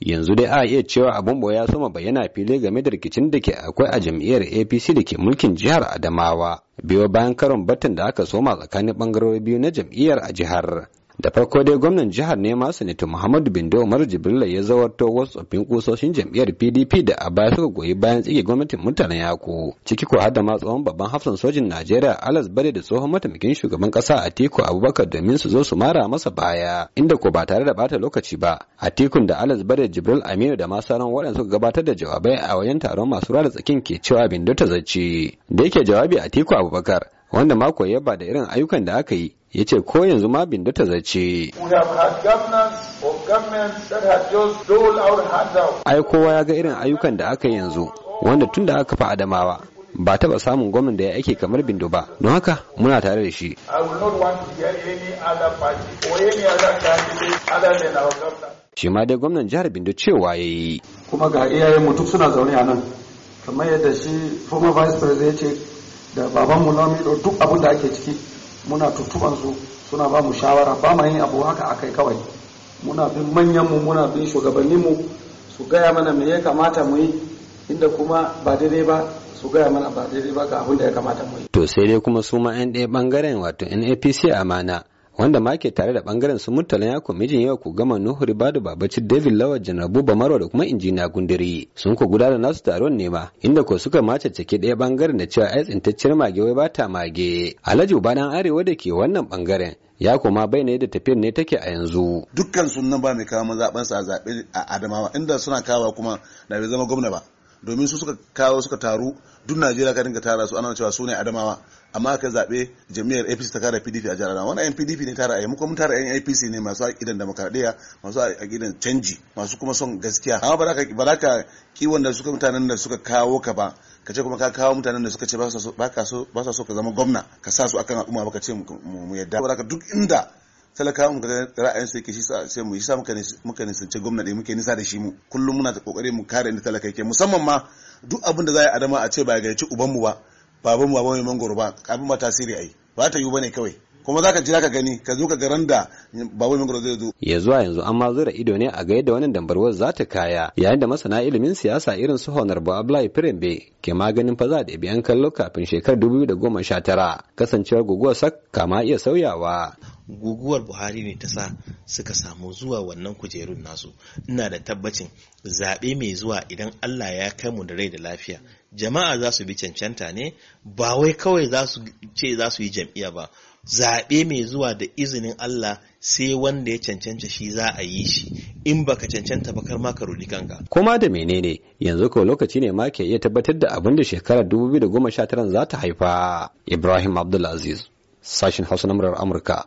yanzu dai a iya cewa abun ya sama bayyana fili game da rikicin da ke akwai a jam'iyyar apc da ke mulkin jihar adamawa biyo bayan karon batun da aka soma tsakanin bangarori biyu na jam'iyyar a jihar da farko dai gwamnan jihar nema sanata muhammadu bindo umar jibrila ya zawarto wasu tsoffin kusoshin jam'iyyar pdp da a baya suka goyi bayan tsige gwamnatin mutanen yako ciki ko hada ma tsohon babban hafsan sojin najeriya alas bade da tsohon mataimakin shugaban kasa atiku abubakar domin su zo su mara masa baya inda ko ba tare da bata lokaci ba atikun da alas bade jibril aminu da masaran sauran waɗanda suka gabatar da jawabai a wajen taron masu rada tsakin ke cewa bindo ta zaci. da yake jawabi atiku abubakar wanda mako ya ba da irin ayyukan da aka yi ya ce ko yanzu ma bindo ta zace ai kowa ya ga irin ayyukan da aka yanzu wanda tun da aka fa adamawa ba taba samun gwamnan da ya aike kamar bindo ba don haka muna tare da shi shi ma dai gwamnan jihar bindo cewa ya yi kuma ga iyayenmu duk suna zaune a nan kamar yadda shi former vice president ya ce da babanmu lamido duk abin da ake ciki muna tuttuban su suna ba mu shawara ba ma yin abu haka akai kawai muna bin manyan mu muna bin shugabannin mu su gaya mana me ya kamata mu yi inda kuma ba daidai ba su gaya mana ba daidai ba ga abin da ya kamata mu yi to sai dai kuma su ma 'yan ɗaya bangaren wato NAPC amana wanda ma ke tare da bangaren su ya yako mijin yau ku gama nuhu ribadu babaci david lawal janar buba marwa da kuma injiniya gundiri sun ku gudanar nasu taron nema. inda ko suka mace cike daya bangaren da cewa ai tsintacciyar mage wai bata mage alhaji ubanan arewa da ke wannan bangaren ya koma bai ne da tafiyar ne take a yanzu dukkan sun nan ba mai kawo mazaɓansa a zaɓe a adamawa inda suna kawo kuma da bai zama gwamna ba domin su suka kawo suka taru duk najeriya ka dinga tara su ana cewa su ne adamawa amma ka zaɓe jami'ar apc ta kara pdp a jihar adamawa wannan pdp ne tara ayi kuma tara yan apc ne masu aƙidan demokradiyya masu aƙidan canji masu kuma son gaskiya amma ba za ka kiwon da suka mutanen da suka kawo ka ba ka ce kuma ka kawo mutanen da suka ce ba sa so ka zama gwamna ka sa su akan al'umma ba ka ce mu yadda duk inda talakawa mu da ra'ayin su yake shi sai mu yi sa muka nisanci gwamnati muke nisa da shi mu kullum muna ta kokari mu kare inda talaka yake musamman ma duk abin da za a adama a ce ba ga ci uban mu ba baban mu ba mai mangoro ba abin ba tasiri ai ba ta yi bane kawai kuma zaka ka jira ka gani ka zo ka garan da babu mangoro zai zo. ya zuwa yanzu an ma zura ido ne a ga yadda wannan dambarwar za ta kaya yayin da masana ilimin siyasa irin su honorable Ablai firimbe ke maganin fa za da biyan kallo kafin shekarar 2019 kasancewar guguwar sak kama iya sauyawa. guguwar buhari ne ta sa suka samu zuwa wannan kujerun nasu ina da tabbacin zaɓe mai zuwa idan allah ya kai mu da rai da lafiya jama'a za su bi cancanta ne ba wai kawai za su ce za su yi jam'iyya ba zaɓe mai zuwa da izinin Allah sai wanda ya cancanta shi za a yi shi in baka cancanta ba kar ma ka rudi kanka. Kuma da menene yanzu ko lokaci ne ma ke iya tabbatar da abin da shekarar 2019 za ta haifa. Ibrahim Abdulaziz, sashin Hausa na Amurka